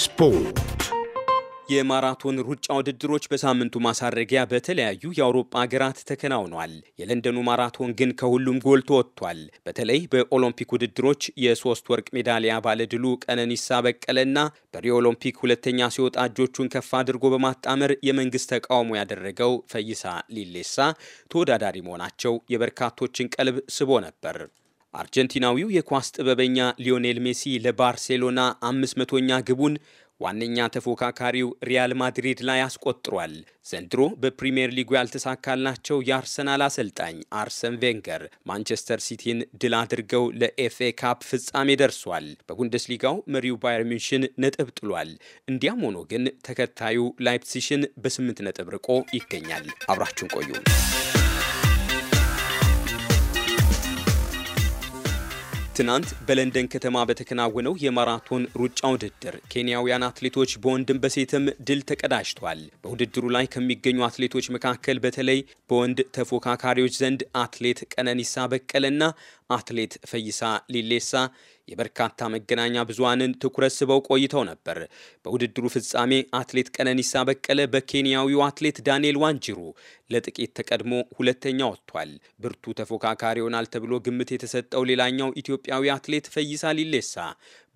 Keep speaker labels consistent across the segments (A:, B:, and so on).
A: ስፖርት የማራቶን ሩጫ ውድድሮች በሳምንቱ ማሳረጊያ በተለያዩ የአውሮፓ ሀገራት ተከናውኗል። የለንደኑ ማራቶን ግን ከሁሉም ጎልቶ ወጥቷል። በተለይ በኦሎምፒክ ውድድሮች የሶስት ወርቅ ሜዳሊያ ባለድሉ ቀነኒሳ በቀለና በሪዮ ኦሎምፒክ ሁለተኛ ሲወጣ እጆቹን ከፍ አድርጎ በማጣመር የመንግስት ተቃውሞ ያደረገው ፈይሳ ሊሌሳ ተወዳዳሪ መሆናቸው የበርካቶችን ቀልብ ስቦ ነበር። አርጀንቲናዊው የኳስ ጥበበኛ ሊዮኔል ሜሲ ለባርሴሎና አምስት መቶኛ ግቡን ዋነኛ ተፎካካሪው ሪያል ማድሪድ ላይ አስቆጥሯል። ዘንድሮ በፕሪምየር ሊጉ ያልተሳካላቸው የአርሰናል አሰልጣኝ አርሰን ቬንገር ማንቸስተር ሲቲን ድል አድርገው ለኤፍኤ ካፕ ፍጻሜ ደርሷል። በቡንደስሊጋው መሪው ባየር ሚንሽን ነጥብ ጥሏል። እንዲያም ሆኖ ግን ተከታዩ ላይፕሲሽን በስምንት ነጥብ ርቆ ይገኛል። አብራችን ቆዩ። ትናንት በለንደን ከተማ በተከናወነው የማራቶን ሩጫ ውድድር ኬንያውያን አትሌቶች በወንድም በሴትም ድል ተቀዳጅቷል። በውድድሩ ላይ ከሚገኙ አትሌቶች መካከል በተለይ በወንድ ተፎካካሪዎች ዘንድ አትሌት ቀነኒሳ በቀለና አትሌት ፈይሳ ሊሌሳ የበርካታ መገናኛ ብዙሃንን ትኩረት ስበው ቆይተው ነበር። በውድድሩ ፍጻሜ አትሌት ቀነኒሳ በቀለ በኬንያዊው አትሌት ዳንኤል ዋንጅሩ ለጥቂት ተቀድሞ ሁለተኛ ወጥቷል። ብርቱ ተፎካካሪ ይሆናል ተብሎ ግምት የተሰጠው ሌላኛው ኢትዮጵያዊ አትሌት ፈይሳ ሊሌሳ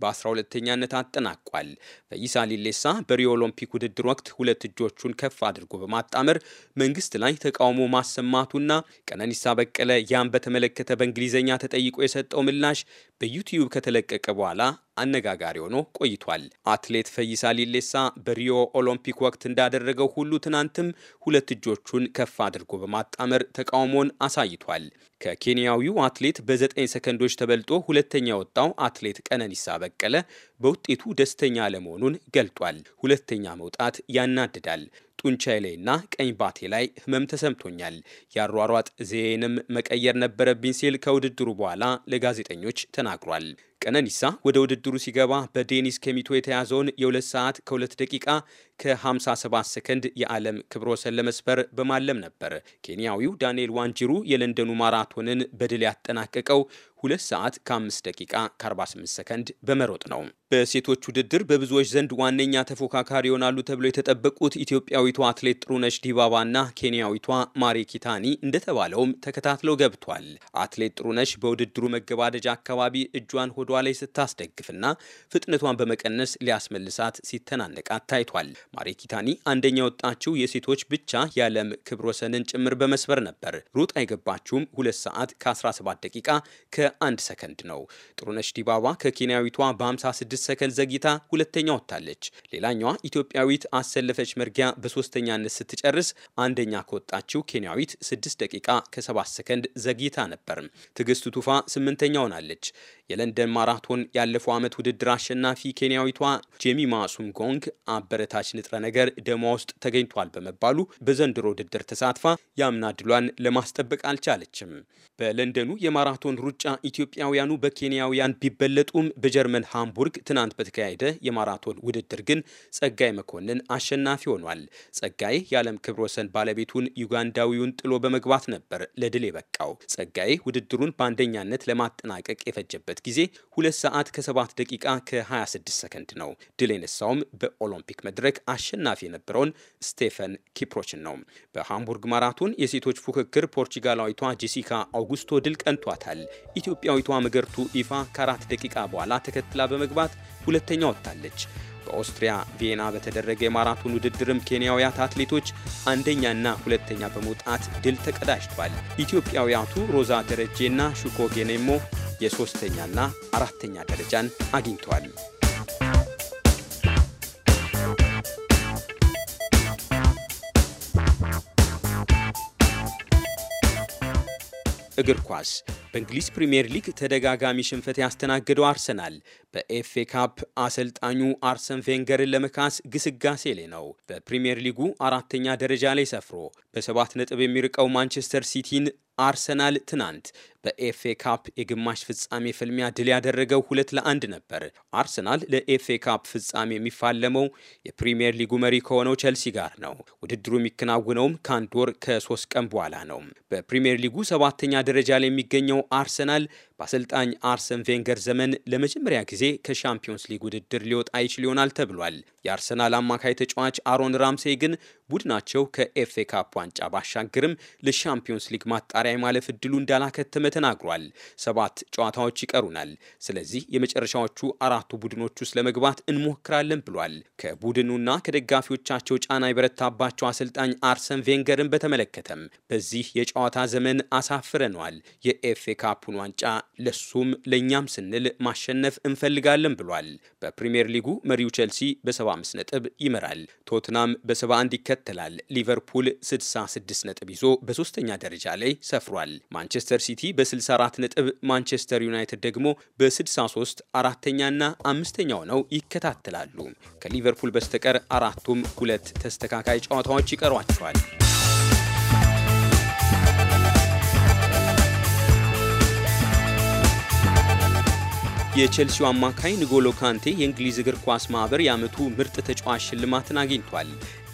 A: በ12ተኛነት አጠናቋል። ፈይሳ ሊሌሳ በሪዮ ኦሎምፒክ ውድድር ወቅት ሁለት እጆቹን ከፍ አድርጎ በማጣመር መንግስት ላይ ተቃውሞ ማሰማቱና ቀነኒሳ በቀለ ያን በተመለከተ በእንግሊዝኛ ተጠይቆ የሰጠው ምላሽ በዩቲዩብ ከተለቀቀ በኋላ አነጋጋሪ ሆኖ ቆይቷል። አትሌት ፈይሳ ሊሌሳ በሪዮ ኦሎምፒክ ወቅት እንዳደረገው ሁሉ ትናንትም ሁለት እጆቹን ከፍ አድርጎ በማጣመር ተቃውሞን አሳይቷል። ከኬንያዊው አትሌት በዘጠኝ ሰከንዶች ተበልጦ ሁለተኛ ወጣው አትሌት ቀነኒሳ በቀለ በውጤቱ ደስተኛ ለመሆኑን ገልጧል። ሁለተኛ መውጣት ያናድዳል። ጡንቻዬ ላይና ቀኝ ባቴ ላይ ህመም ተሰምቶኛል። የአሯሯጥ ዜንም መቀየር ነበረብኝ ሲል ከውድድሩ በኋላ ለጋዜጠኞች ተናግሯል። ቀነኒሳ ወደ ውድድሩ ሲገባ በዴኒስ ኬሚቶ የተያዘውን የ2 ሰዓት ከ2 ደቂቃ ከ57 ሰከንድ የዓለም ክብረ ወሰን ለመስበር በማለም ነበር። ኬንያዊው ዳንኤል ዋንጂሩ የለንደኑ ማራቶንን በድል ያጠናቀቀው ሁለት ሰዓት ከአምስት ደቂቃ ከ48 ሰከንድ በመሮጥ ነው። በሴቶች ውድድር በብዙዎች ዘንድ ዋነኛ ተፎካካሪ ይሆናሉ ተብለው የተጠበቁት ኢትዮጵያዊቷ አትሌት ጥሩነሽ ዲባባና ኬንያዊቷ ማሪ ኪታኒ እንደተባለውም ተከታትለው ገብቷል። አትሌት ጥሩነሽ በውድድሩ መገባደጃ አካባቢ እጇን ሆዷ ላይ ስታስደግፍና ፍጥነቷን በመቀነስ ሊያስመልሳት ሲተናነቃት ታይቷል። ማሪ ኪታኒ አንደኛ ወጣችው የሴቶች ብቻ የዓለም ክብረ ወሰንን ጭምር በመስበር ነበር። ሩጥ አይገባችውም ሁለት ሰዓት ከ17 ደቂቃ ከ ከአንድ ሰከንድ ነው። ጥሩነሽ ዲባባ ከኬንያዊቷ በ56 ሰከንድ ዘግይታ ሁለተኛ ወጥታለች። ሌላኛዋ ኢትዮጵያዊት አሰለፈች መርጊያ በሶስተኛነት ስትጨርስ አንደኛ ከወጣችው ኬንያዊት 6 ደቂቃ ከ7 ሰከንድ ዘግይታ ነበር። ትዕግስቱ ቱፋ ስምንተኛ ሆናለች። የለንደን ማራቶን ያለፈው ዓመት ውድድር አሸናፊ ኬንያዊቷ ጄሚማ ጎንግ አበረታች ንጥረ ነገር ደሟ ውስጥ ተገኝቷል በመባሉ በዘንድሮ ውድድር ተሳትፋ የአምና ድሏን ለማስጠበቅ አልቻለችም። በለንደኑ የማራቶን ሩጫ ኢትዮጵያውያኑ በኬንያውያን ቢበለጡም በጀርመን ሃምቡርግ ትናንት በተካሄደ የማራቶን ውድድር ግን ጸጋይ መኮንን አሸናፊ ሆኗል። ጸጋይ የዓለም ክብረ ወሰን ባለቤቱን ዩጋንዳዊውን ጥሎ በመግባት ነበር ለድል የበቃው። ጸጋይ ውድድሩን በአንደኛነት ለማጠናቀቅ የፈጀበት ጊዜ ሁለት ሰዓት ከሰባት ደቂቃ ከ26 ሰከንድ ነው። ድል የነሳውም በኦሎምፒክ መድረክ አሸናፊ የነበረውን ስቴፈን ኪፕሮችን ነው። በሃምቡርግ ማራቶን የሴቶች ፉክክር ፖርቹጋላዊቷ ጄሲካ አውጉስቶ ድል ቀንቷታል። ኢትዮጵያዊቷ መገርቱ ኢፋ ከአራት ደቂቃ በኋላ ተከትላ በመግባት ሁለተኛ ወጥታለች። በኦስትሪያ ቪየና በተደረገ የማራቶን ውድድርም ኬንያውያት አትሌቶች አንደኛና ሁለተኛ በመውጣት ድል ተቀዳጅቷል። ኢትዮጵያውያቱ ሮዛ ደረጄና ሹኮ ጌኔሞ የሶስተኛና አራተኛ ደረጃን አግኝተዋል። እግር ኳስ በእንግሊዝ ፕሪምየር ሊግ ተደጋጋሚ ሽንፈት ያስተናግደው አርሰናል በኤፍኤ ካፕ አሰልጣኙ አርሰን ቬንገርን ለመካስ ግስጋሴ ላይ ነው። በፕሪምየር ሊጉ አራተኛ ደረጃ ላይ ሰፍሮ በሰባት ነጥብ የሚርቀው ማንቸስተር ሲቲን አርሰናል ትናንት በኤፍኤ ካፕ የግማሽ ፍጻሜ ፍልሚያ ድል ያደረገው ሁለት ለአንድ ነበር። አርሰናል ለኤፍኤ ካፕ ፍጻሜ የሚፋለመው የፕሪምየር ሊጉ መሪ ከሆነው ቸልሲ ጋር ነው። ውድድሩ የሚከናውነውም ከአንድ ወር ከሶስት ቀን በኋላ ነው። በፕሪምየር ሊጉ ሰባተኛ ደረጃ ላይ የሚገኘው አርሰናል በአሰልጣኝ አርሰን ቬንገር ዘመን ለመጀመሪያ ጊዜ ከሻምፒዮንስ ሊግ ውድድር ሊወጣ ይችል ይሆናል ተብሏል። የአርሰናል አማካይ ተጫዋች አሮን ራምሴ ግን ቡድናቸው ከኤፍኤ ካፕ ዋንጫ ባሻገርም ለሻምፒዮንስ ሊግ ማጣሪያ የማለፍ እድሉ እንዳላከተመ ተናግሯል። ሰባት ጨዋታዎች ይቀሩናል፣ ስለዚህ የመጨረሻዎቹ አራቱ ቡድኖች ውስጥ ለመግባት እንሞክራለን ብሏል። ከቡድኑና ከደጋፊዎቻቸው ጫና የበረታባቸው አሰልጣኝ አርሰን ቬንገርን በተመለከተም በዚህ የጨዋታ ዘመን አሳፍረነዋል፣ የኤፍኤ ካፑን ዋንጫ ለሱም ለእኛም ስንል ማሸነፍ እንፈልጋለን ብሏል። በፕሪምየር ሊጉ መሪው ቼልሲ በ75 ነጥብ ይመራል። ቶትናም በ71 ይከተላል። ሊቨርፑል 66 ነጥብ ይዞ በሶስተኛ ደረጃ ላይ ሰፍሯል። ማንቸስተር ሲቲ በ64 ነጥብ፣ ማንቸስተር ዩናይትድ ደግሞ በ63 አራተኛና አምስተኛው ነው ይከታተላሉ። ከሊቨርፑል በስተቀር አራቱም ሁለት ተስተካካይ ጨዋታዎች ይቀሯቸዋል። የቼልሲው አማካይ ንጎሎ ካንቴ የእንግሊዝ እግር ኳስ ማህበር የዓመቱ ምርጥ ተጫዋች ሽልማትን አግኝቷል።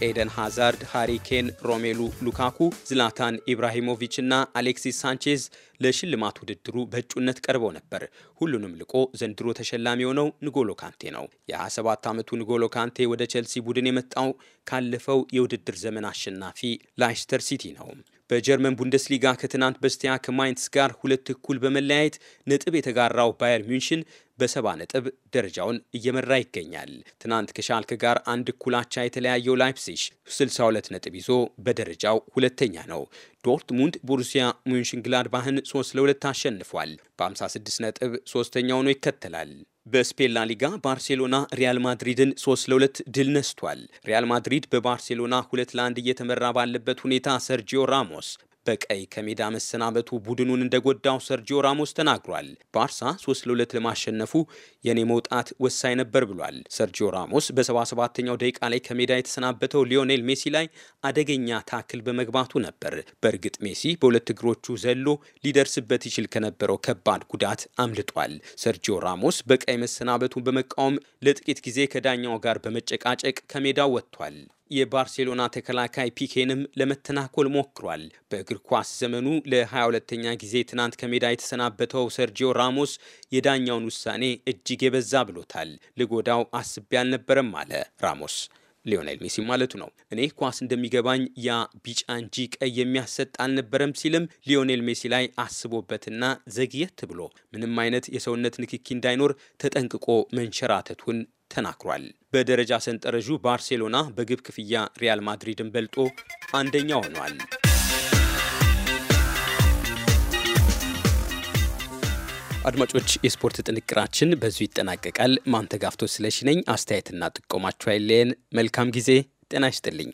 A: ኤደን ሃዛርድ፣ ሃሪኬን፣ ሮሜሉ ሉካኩ፣ ዝላታን ኢብራሂሞቪች እና አሌክሲስ ሳንቼዝ ለሽልማት ውድድሩ በእጩነት ቀርበው ነበር። ሁሉንም ልቆ ዘንድሮ ተሸላሚ የሆነው ንጎሎ ካንቴ ነው። የ27 ዓመቱ ንጎሎ ካንቴ ወደ ቼልሲ ቡድን የመጣው ካለፈው የውድድር ዘመን አሸናፊ ላይስተር ሲቲ ነው። በጀርመን ቡንደስሊጋ ከትናንት በስቲያ ከማይንስ ጋር ሁለት እኩል በመለያየት ነጥብ የተጋራው ባየር ሚንሽን በሰባ ነጥብ ደረጃውን እየመራ ይገኛል። ትናንት ከሻልክ ጋር አንድ እኩላቻ የተለያየው ላይፕሲሽ 62 ነጥብ ይዞ በደረጃው ሁለተኛ ነው። ዶርትሙንድ ቦሩሲያ ሙንሽንግላድባህን 3 ለ2 አሸንፏል። በ56 ነጥብ ሶስተኛ ሆኖ ይከተላል። በስፔን ላሊጋ ሊጋ ባርሴሎና ሪያል ማድሪድን 3 ለ2 ድል ነስቷል። ሪያል ማድሪድ በባርሴሎና 2 ለ1 እየተመራ ባለበት ሁኔታ ሰርጂዮ ራሞስ በቀይ ከሜዳ መሰናበቱ ቡድኑን እንደጎዳው ሰርጂዮ ራሞስ ተናግሯል። ባርሳ ሶስት ለሁለት ለማሸነፉ የኔ መውጣት ወሳኝ ነበር ብሏል። ሰርጂዮ ራሞስ በ77ኛው ደቂቃ ላይ ከሜዳ የተሰናበተው ሊዮኔል ሜሲ ላይ አደገኛ ታክል በመግባቱ ነበር። በእርግጥ ሜሲ በሁለት እግሮቹ ዘሎ ሊደርስበት ይችል ከነበረው ከባድ ጉዳት አምልጧል። ሰርጂዮ ራሞስ በቀይ መሰናበቱን በመቃወም ለጥቂት ጊዜ ከዳኛው ጋር በመጨቃጨቅ ከሜዳው ወጥቷል። የባርሴሎና ተከላካይ ፒኬንም ለመተናኮል ሞክሯል። በእግር ኳስ ዘመኑ ለ 22 ለተኛ ጊዜ ትናንት ከሜዳ የተሰናበተው ሰርጂዮ ራሞስ የዳኛውን ውሳኔ እጅግ የበዛ ብሎታል። ልጎዳው አስቤ አልነበረም አለ ራሞስ። ሊዮኔል ሜሲ ማለቱ ነው። እኔ ኳስ እንደሚገባኝ ያ ቢጫ እንጂ ቀይ የሚያሰጥ አልነበረም ሲልም ሊዮኔል ሜሲ ላይ አስቦበትና ዘግየት ብሎ ምንም አይነት የሰውነት ንክኪ እንዳይኖር ተጠንቅቆ መንሸራተቱን ተናክሯል። በደረጃ ሰንጠረዡ ባርሴሎና በግብ ክፍያ ሪያል ማድሪድን በልጦ አንደኛ ሆኗል። አድማጮች፣ የስፖርት ጥንቅራችን በዚሁ ይጠናቀቃል። ማንተጋፍቶ ስለሽነኝ አስተያየትና ጥቆማችሁ አይለየን። መልካም ጊዜ። ጤና ይስጥልኝ።